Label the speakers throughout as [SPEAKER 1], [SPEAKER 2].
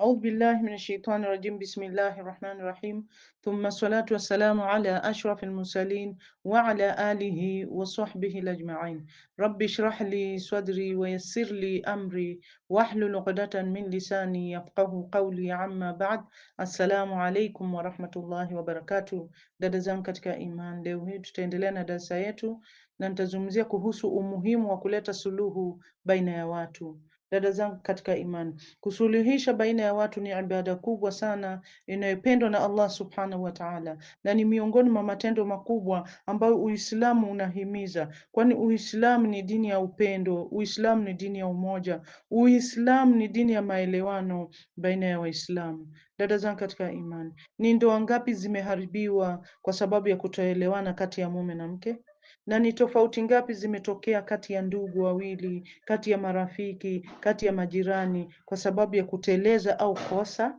[SPEAKER 1] Audhubillahi minashaitani rajim. Bismillahi rahmani rahim. Thumma salatu wassalamu ala ashrafil mursalin wa ala alihi wa sahbihi ajmain. Rabbi shrah li sadri wa yassir li amri wahlul uqdatan min lisani yafqahu qawli. Amma ba'd. Assalamu alaykum wa rahmatullahi wa barakatuh. Dada zangu katika iman, leo hii tutaendelea na darasa yetu na nitazungumzia kuhusu umuhimu wa kuleta suluhu baina ya watu. Dada zangu katika imani, kusuluhisha baina ya watu ni ibada kubwa sana inayopendwa na Allah subhanahu wa ta'ala, na ni miongoni mwa matendo makubwa ambayo Uislamu unahimiza, kwani Uislamu ni dini ya upendo, Uislamu ni dini ya umoja, Uislamu ni dini ya maelewano baina ya Waislamu. Dada zangu katika imani, ni ndoa ngapi zimeharibiwa kwa sababu ya kutoelewana kati ya mume na mke? na ni tofauti ngapi zimetokea kati ya ndugu wawili, kati ya marafiki, kati ya majirani, kwa sababu ya kuteleza au kosa.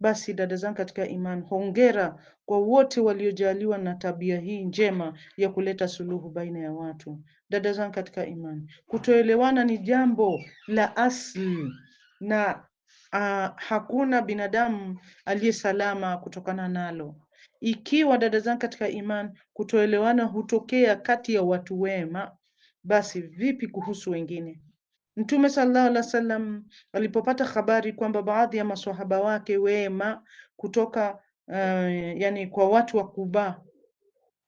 [SPEAKER 1] Basi dada zangu katika imani, hongera kwa wote waliojaliwa na tabia hii njema ya kuleta suluhu baina ya watu. Dada zangu katika imani, kutoelewana ni jambo la asili na uh, hakuna binadamu aliyesalama kutokana nalo. Ikiwa dada zangu katika imani, kutoelewana hutokea kati ya watu wema, basi vipi kuhusu wengine? Mtume sallallahu alaihi wasallam alipopata habari kwamba baadhi ya maswahaba wake wema kutoka uh, yani kwa watu wa Kuba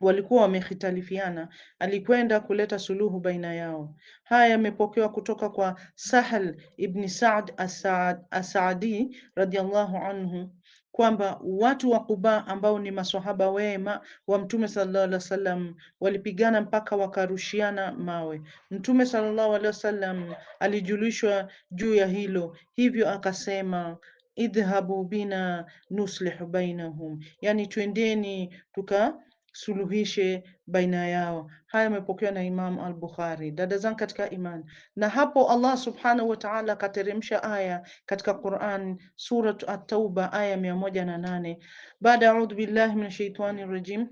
[SPEAKER 1] walikuwa wamehitalifiana, alikwenda kuleta suluhu baina yao. Haya yamepokewa kutoka kwa Sahal ibn Saad Asad Asadi radhiallahu anhu kwamba watu wa Quba ambao ni maswahaba wema wa Mtume sallallahu alaihi wasallam walipigana mpaka wakarushiana mawe. Mtume sallallahu alaihi wasallam alijulishwa juu ya hilo, hivyo akasema idhhabu bina nuslihu bainahum, yani twendeni tuka suluhishe baina yao. Haya yamepokewa na Imam al-Bukhari. Dada zangu katika iman na hapo Allah subhanahu wa ta'ala akateremsha aya katika Quran Surat At-Tauba aya mia moja na nane baada audhu billahi min shaitani rajim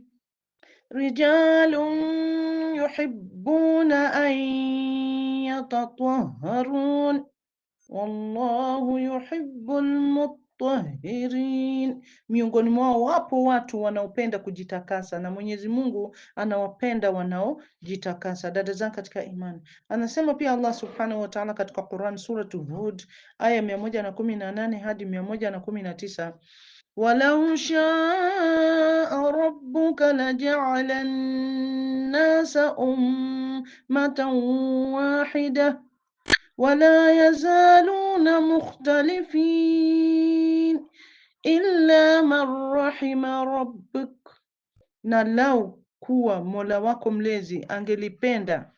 [SPEAKER 1] rijalun yuhibbuna an yatatahharun wallahu yuhibbul tahirin, miongoni mwao wapo watu wanaopenda kujitakasa na Mwenyezi Mungu anawapenda wanaojitakasa. Dada zangu katika imani, anasema pia Allah subhanahu wa ta'ala katika Quran sura Hud aya mia moja na kumi na nane hadi mia moja na kumi na tisa Walau shaa rabbuka laja'ala an ummatan wahida wala yazaluna mukhtalifin illa man rahima rabbuk, na lau kuwa Mola wako mlezi angelipenda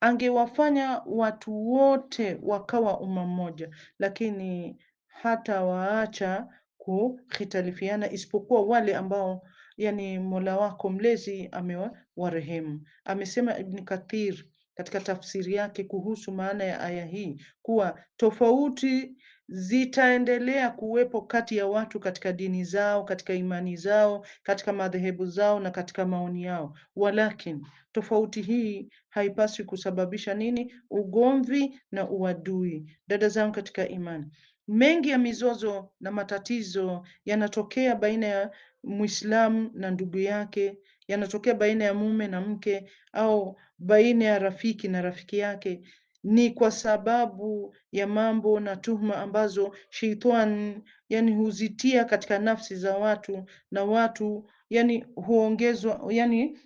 [SPEAKER 1] angewafanya watu wote wakawa umma mmoja, lakini hata waacha kukhitalifiana isipokuwa wale ambao yani Mola wako mlezi amewarehemu. Amesema Ibn Kathir katika tafsiri yake kuhusu maana ya aya hii kuwa tofauti zitaendelea kuwepo kati ya watu katika dini zao, katika imani zao, katika madhehebu zao na katika maoni yao, walakin tofauti hii haipaswi kusababisha nini? Ugomvi na uadui. Dada zangu katika imani, mengi ya mizozo na matatizo yanatokea baina ya Muislamu na ndugu yake, yanatokea baina ya mume na mke, au baina ya rafiki na rafiki yake ni kwa sababu ya mambo na tuhuma ambazo sheitani yani huzitia katika nafsi za watu na watu yani huongezwa yani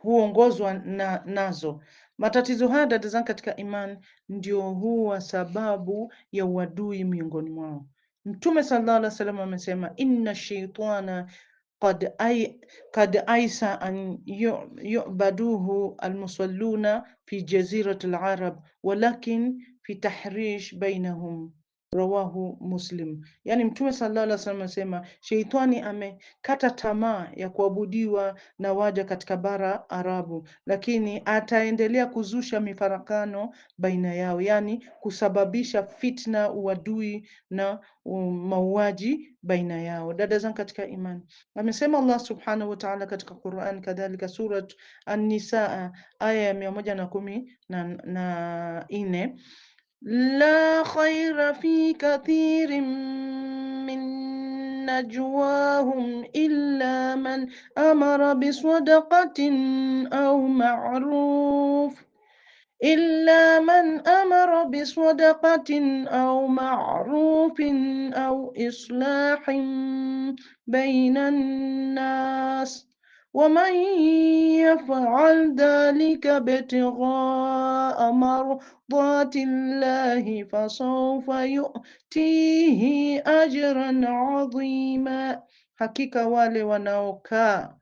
[SPEAKER 1] huongozwa na nazo. Matatizo haya dada zangu katika imani, ndio huwa sababu ya uadui miongoni mwao. Mtume sallallahu alaihi wasallam amesema, inna shaitana قد أي قد أيس أن يعبدوه المصلون في جزيرة العرب ولكن في تحريش بينهم rawahu Muslim. Yani Mtume sallallahu alaihi wasallam anasema sheitani amekata tamaa ya kuabudiwa na waja katika bara Arabu, lakini ataendelea kuzusha mifarakano baina yao, yani kusababisha fitna, uadui na um, mauaji baina yao. Dada zangu katika imani, amesema Allah subhanahu wa ta'ala katika Quran, kadhalika Surat An-Nisaa aya ya mia moja na kumi na nne لا خير في كثير من نجواهم إلا من أمر بصدقة أو معروف إلا من أمر بصدقة أو معروف أو إصلاح بين الناس ومن يفعل ذلك ابتغاء مرضات الله فسوف يؤتيه أجرا عظيما. حقيقه wale wanaokaa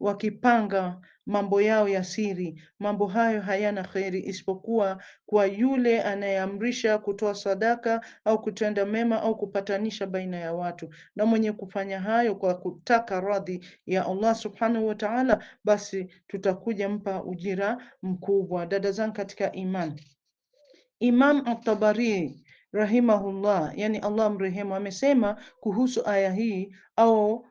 [SPEAKER 1] wakipanga mambo yao ya siri. Mambo hayo hayana kheri isipokuwa kwa yule anayeamrisha kutoa sadaka au kutenda mema au kupatanisha baina ya watu, na mwenye kufanya hayo kwa kutaka radhi ya Allah subhanahu wa ta'ala, basi tutakuja mpa ujira mkubwa. Dada zangu katika iman, Imam At-Tabari rahimahullah, yani Allah mrehemu, amesema kuhusu aya hii au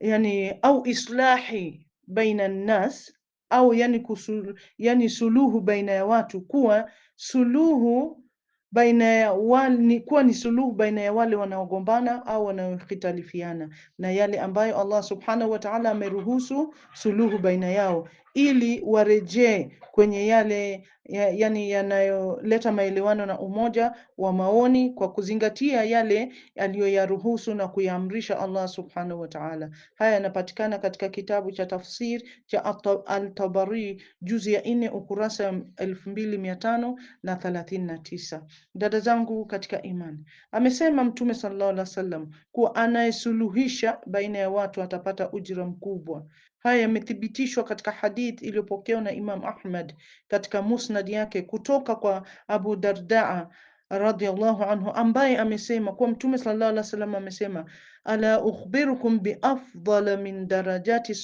[SPEAKER 1] yani au islahi baina nnas au yani, kusulu, yani suluhu baina ya watu kuwa suluhu baina ya wali, kuwa ni suluhu baina ya wale wanaogombana au wanaohitalifiana na yale ambayo Allah subhanahu wa ta'ala ameruhusu suluhu baina yao, ili warejee kwenye yale ya, yani yanayoleta maelewano na umoja wa maoni kwa kuzingatia yale aliyoyaruhusu na kuyaamrisha Allah subhanahu wa ta'ala. Haya yanapatikana katika kitabu cha tafsir cha Al-Tabari juzi ya nne ukurasa elfu mbili mia tano na thalathini na tisa. Dada zangu katika imani, amesema Mtume sallallahu alaihi wasallam kuwa anayesuluhisha baina ya watu atapata ujira mkubwa. Haya yamethibitishwa katika hadith iliyopokewa na Imam Ahmad katika musnad yake kutoka kwa Abu Dardaa radhiallahu anhu ambaye amesema kuwa Mtume sallallahu alaihi wasallam amesema, ala ukhbirukum biafdala min darajati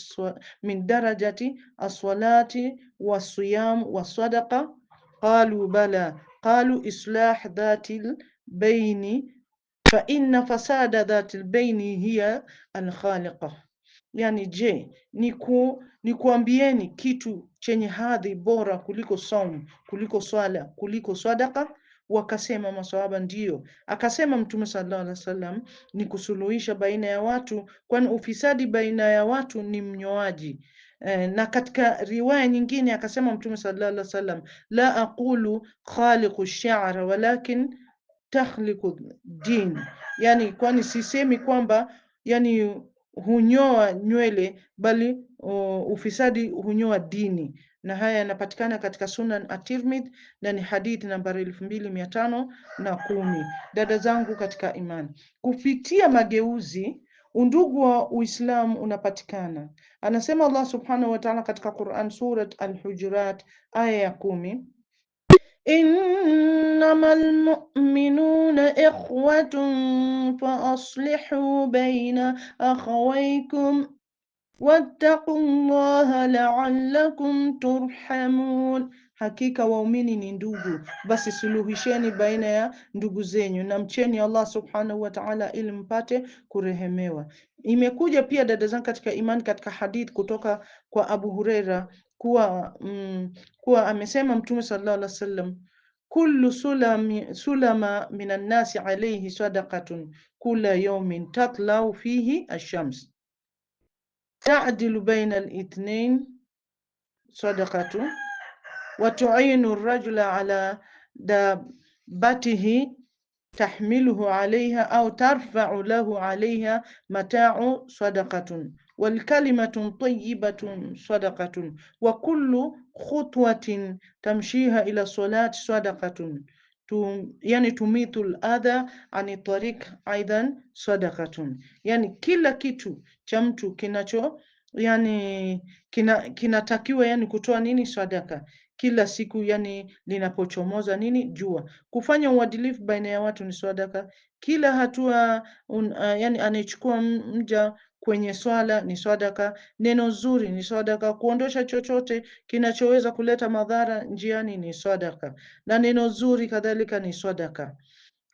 [SPEAKER 1] min darajati aswalati wasiyam wasadaqa qalu bala qalu islah dhati lbaini faina fasada dhati lbaini hiya alkhaliqa yani je, ni, ku, ni kuambieni kitu chenye hadhi bora kuliko saumu, kuliko swala, kuliko sadaka? Wakasema maswahaba ndiyo. Akasema Mtume sallallahu alaihi wasallam, ni kusuluhisha baina ya watu, kwani ufisadi baina ya watu ni mnyoaji eh, Na katika riwaya nyingine akasema Mtume sallallahu alaihi wasallam, la aqulu khaliqu sha'ra walakin takhliqu din, yani kwani sisemi kwamba yani hunyoa nywele bali uh, ufisadi hunyoa dini. Na haya yanapatikana katika Sunan At-Tirmidhi na ni hadithi nambari elfu mbili mia tano na kumi. Dada zangu katika imani, kupitia mageuzi undugu wa Uislamu unapatikana. Anasema Allah subhanahu wa ta'ala katika Quran, Surat Al-Hujurat aya ya kumi إنما المؤمنون إخوة فأصلحوا بين أخويكم واتقوا الله لعلكم ترحمون hakika waumini ni ndugu, basi suluhisheni baina ya ndugu zenyu na mcheni Allah subhanahu wa ta'ala, ili mpate kurehemewa. Imekuja pia dada zangu katika imani, katika hadith kutoka kwa Abu Huraira kuwa, mm, kuwa amesema Mtume sallallahu alaihi wasallam kullu sulami, sulama minan nasi alayhi sadaqatun kula yawmin tatlau fihi ash-shams ta'dilu baina al-ithnain sadaqatu watuinu rajula ala dabatihi tahmiluhu alaiha au tarfau lahu alaiha matau sadaqatun walkalimatun tayibatun sadaqatun wa kullu khutwatin tamshiha ila salati sadaqatun tu, yani tumitu ladha ani tariq aidan sadaqatun, yani kila kitu cha mtu kinacho yani kinatakiwa kina yani kutoa nini sadaka kila siku, yani linapochomoza nini jua. Kufanya uadilifu baina ya watu ni sadaka. Kila hatua un, uh, yani anayechukua mja kwenye swala ni swadaka Neno zuri ni swadaka Kuondosha chochote kinachoweza kuleta madhara njiani ni swadaka na neno zuri kadhalika ni swadaka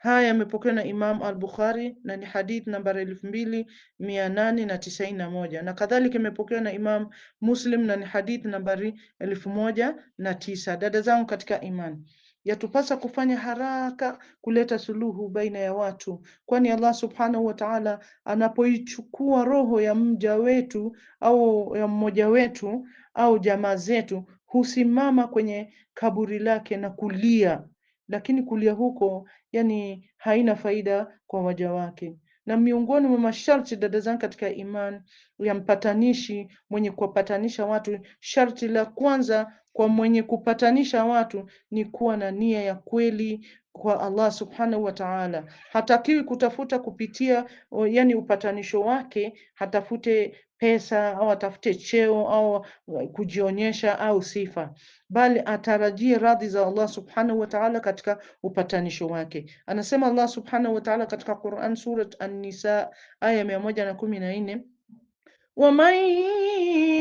[SPEAKER 1] Haya yamepokewa na Imam al-Bukhari na ni hadith nambari elfu mbili mia nane na tisaini na moja na kadhalika imepokewa na Imam Muslim na ni hadith nambari elfu moja na tisa. Dada zangu katika imani, yatupasa kufanya haraka kuleta suluhu baina ya watu, kwani Allah subhanahu wa ta'ala anapoichukua roho ya mja wetu au ya mmoja wetu au jamaa zetu husimama kwenye kaburi lake na kulia lakini kulia huko yani haina faida kwa waja wake. Na miongoni mwa masharti dada zangu katika iman ya mpatanishi mwenye kuwapatanisha watu, sharti la kwanza kwa mwenye kupatanisha watu ni kuwa na nia ya kweli kwa Allah subhanahu wa ta'ala. Hatakiwi kutafuta kupitia yani upatanisho wake, hatafute pesa au atafute cheo au uh, kujionyesha au sifa, bali atarajie radhi za Allah subhanahu wa ta'ala katika upatanisho wake. Anasema Allah subhanahu wa ta'ala katika Quran, Surat An-Nisa aya mia moja na kumi na nne ومن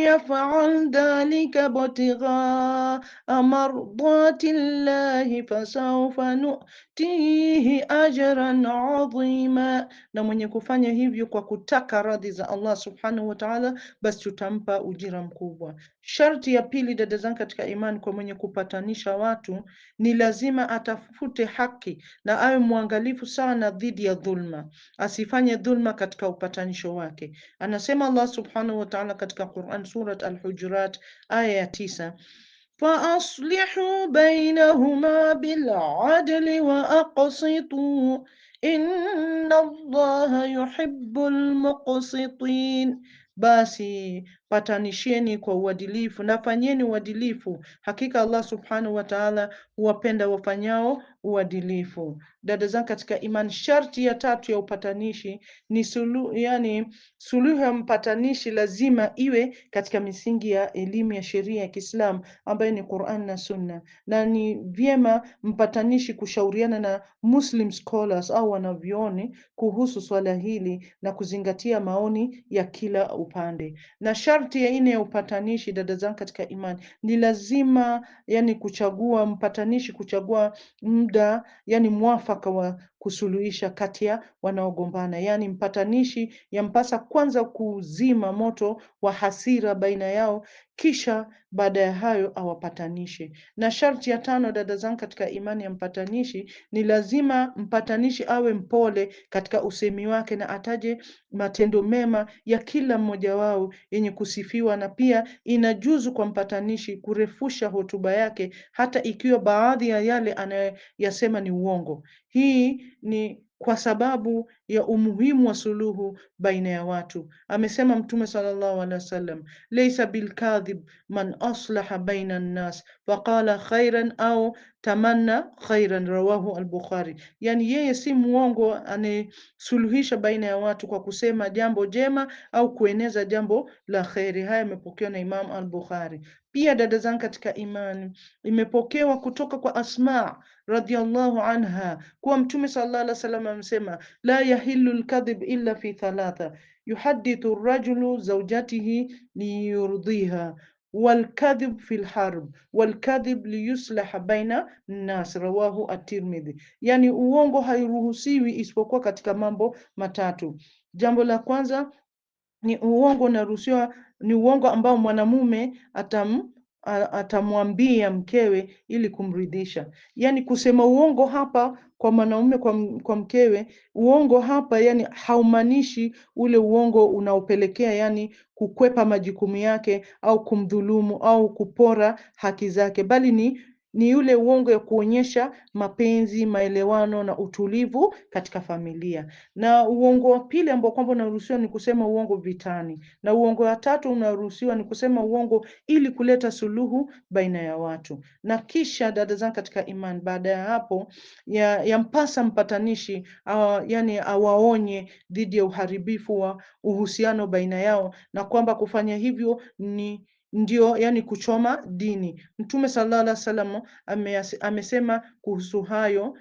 [SPEAKER 1] يفعل ذلك ابتغاء مرضات الله فسوف نؤتيه ajran adhima, na mwenye kufanya hivyo kwa kutaka radhi za Allah subhanahu wa ta'ala, basi tutampa ujira mkubwa. Sharti ya pili, dada zangu katika imani, kwa mwenye kupatanisha watu ni lazima atafute haki na awe mwangalifu sana dhidi ya dhulma, asifanye dhulma katika upatanisho wake. Anasema Allah subhanahu wa ta'ala katika Quran, Surat Al-Hujurat aya ya tisa aslihu bainahuma biladli wa aqsitu inna Allaha yuhibbul muqsitin, basi patanisheni kwa uadilifu na fanyeni uadilifu, hakika Allah subhanahu wa ta'ala huwapenda wafanyao uadilifu. Dada zangu katika imani, sharti ya tatu ya upatanishi ni sulu, yani suluhu ya mpatanishi lazima iwe katika misingi ya elimu ya sheria ya Kiislamu ambayo ni Qur'an na Sunna, na ni vyema mpatanishi kushauriana na Muslim scholars au wanavyoni kuhusu swala hili na kuzingatia maoni ya kila upande na sharti ya ine ya upatanishi, dada zangu katika imani, ni lazima yani kuchagua mpatanishi, kuchagua muda yani mwafaka wa kusuluhisha kati ya wanaogombana. Yaani mpatanishi yampasa kwanza kuzima moto wa hasira baina yao, kisha baada ya hayo awapatanishe. Na sharti ya tano, dada zangu, katika imani ya mpatanishi ni lazima mpatanishi awe mpole katika usemi wake na ataje matendo mema ya kila mmoja wao yenye kusifiwa, na pia inajuzu kwa mpatanishi kurefusha hotuba yake hata ikiwa baadhi ya yale anayoyasema ni uongo. Hii ni kwa sababu ya umuhimu wa suluhu baina ya watu. Amesema Mtume sallallahu alaihi wasallam, laisa bilkadhib man aslaha baina nnas faqala khairan au tamanna khairan, rawahu al-Bukhari. Yani yeye si muongo anayesuluhisha baina ya watu kwa kusema jambo jema au kueneza jambo la kheri. Haya yamepokewa na Imam al-Bukhari. Pia dada zangu katika imani, imepokewa kutoka kwa Asma radhiallahu anha kuwa Mtume sallallahu alaihi wasallam amesema la yahilu lkadhib illa fi thalatha yuhadithu rajulu zaujatihi liyurdhiha walkadhib fi lharb walkadhib liyuslaha baina nnas rawahu atirmidhi Yani, uongo hairuhusiwi isipokuwa katika mambo matatu. Jambo la kwanza ni uongo unaruhusiwa, ni uongo ambao mwanamume atam atamwambia mkewe ili kumridhisha. Yaani kusema uongo hapa kwa mwanaume kwa, kwa mkewe, uongo hapa yani haumaanishi ule uongo unaopelekea yani kukwepa majukumu yake au kumdhulumu au kupora haki zake, bali ni ni yule uongo ya kuonyesha mapenzi, maelewano na utulivu katika familia. Na uongo wa pili ambao kwamba unaruhusiwa ni kusema uongo vitani, na uongo wa tatu unaruhusiwa ni kusema uongo ili kuleta suluhu baina ya watu. Na kisha dada zangu katika iman baada ya hapo ya, yampasa mpatanishi uh, yani awaonye dhidi ya uharibifu wa uhusiano baina yao, na kwamba kufanya hivyo ni ndio yani kuchoma dini. Mtume sallallahu alaihi wasallam amesema kuhusu hayo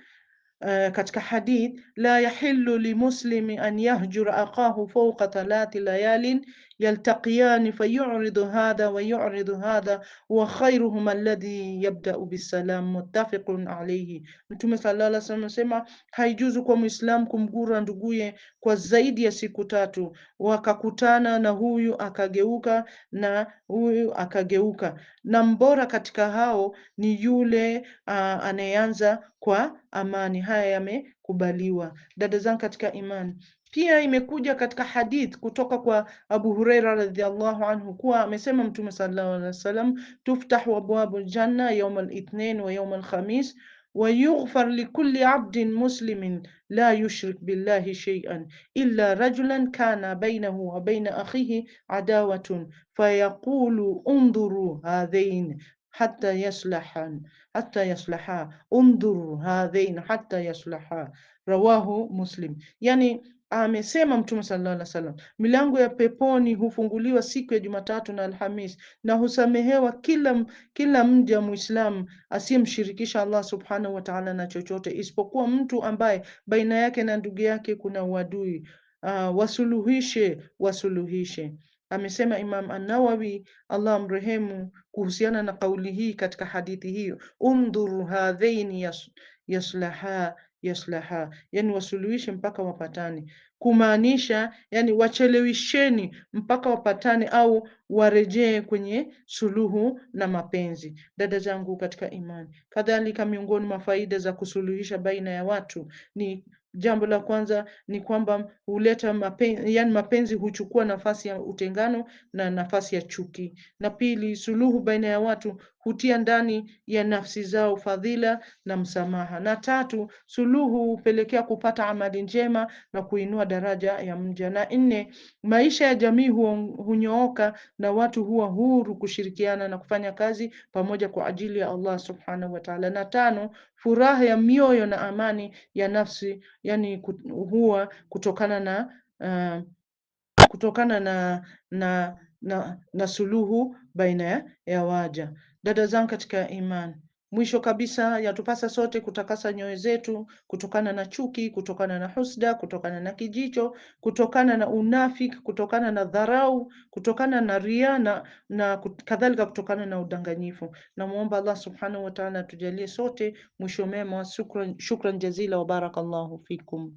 [SPEAKER 1] Eh, katika hadith la yahillu limuslimi an yahjura akahu fawqa thalathi layalin yaltaqiyani fayuridu hadha wa yuridu hadha wa khairuhuma alladhi yabdau bisalam muttafaqun alayhi. Mtume sallallahu alayhi wasallam anasema haijuzu kwa Muislam kumgura nduguye kwa zaidi ya siku tatu, wakakutana na huyu akageuka na huyu akageuka, na mbora katika hao ni yule uh, anayeanza kwa amani. Haya yamekubaliwa dada zangu katika imani. Pia imekuja katika hadith kutoka kwa Abu Huraira radhiallahu anhu kuwa amesema Mtume sallallahu alaihi wasallam, tuftahu abwabu ljanna yauma lithnain wa yauma lkhamis wayughfar likulli abdin muslimin la yushrik billahi shay'an illa rajulan kana bainahu wa baina akhihi adawatun fayaqulu undhuru hadhain حتى yaslahan حتى yaslaha انظر هذين حتى yaslaha rawahu Muslim. Yani amesema Mtume sallallahu alaihi wasallam, milango ya peponi hufunguliwa siku ya Jumatatu na Alhamis na husamehewa kila kila mja Muislamu asiyemshirikisha Allah subhanahu wa ta'ala na chochote isipokuwa mtu ambaye baina yake na ndugu yake kuna uadui. Uh, wasuluhishe wasuluhishe Amesema Imam An-Nawawi Allah amrehemu, kuhusiana na kauli hii katika hadithi hiyo, undhuru hadhaini yas, yaslaha yaslaha, yani wasuluhishe mpaka wapatane, kumaanisha yani wachelewisheni mpaka wapatane au warejee kwenye suluhu na mapenzi. Dada zangu katika imani, kadhalika miongoni mwa faida za kusuluhisha baina ya watu ni Jambo la kwanza ni kwamba huleta mapenzi, yani mapenzi huchukua nafasi ya utengano na nafasi ya chuki, na pili, suluhu baina ya watu hutia ndani ya nafsi zao fadhila na msamaha. Na tatu, suluhu hupelekea kupata amali njema na kuinua daraja ya mja. Na nne, maisha ya jamii hunyooka na watu huwa huru kushirikiana na kufanya kazi pamoja kwa ajili ya Allah subhanahu wa ta'ala. Na tano, furaha ya mioyo na amani ya nafsi, yani huwa kutokana na uh, kutokana na na na, na suluhu baina ya waja. Dada zangu katika imani, mwisho kabisa yatupasa sote kutakasa nyoyo zetu kutokana na chuki, kutokana na husda, kutokana na kijicho, kutokana na unafiki, kutokana na dharau, kutokana na ria na, na kadhalika, kutokana na udanganyifu. Namuomba Allah subhanahu wa ta'ala atujalie sote mwisho mema. Shukran, shukran jazila wa barakallahu fikum.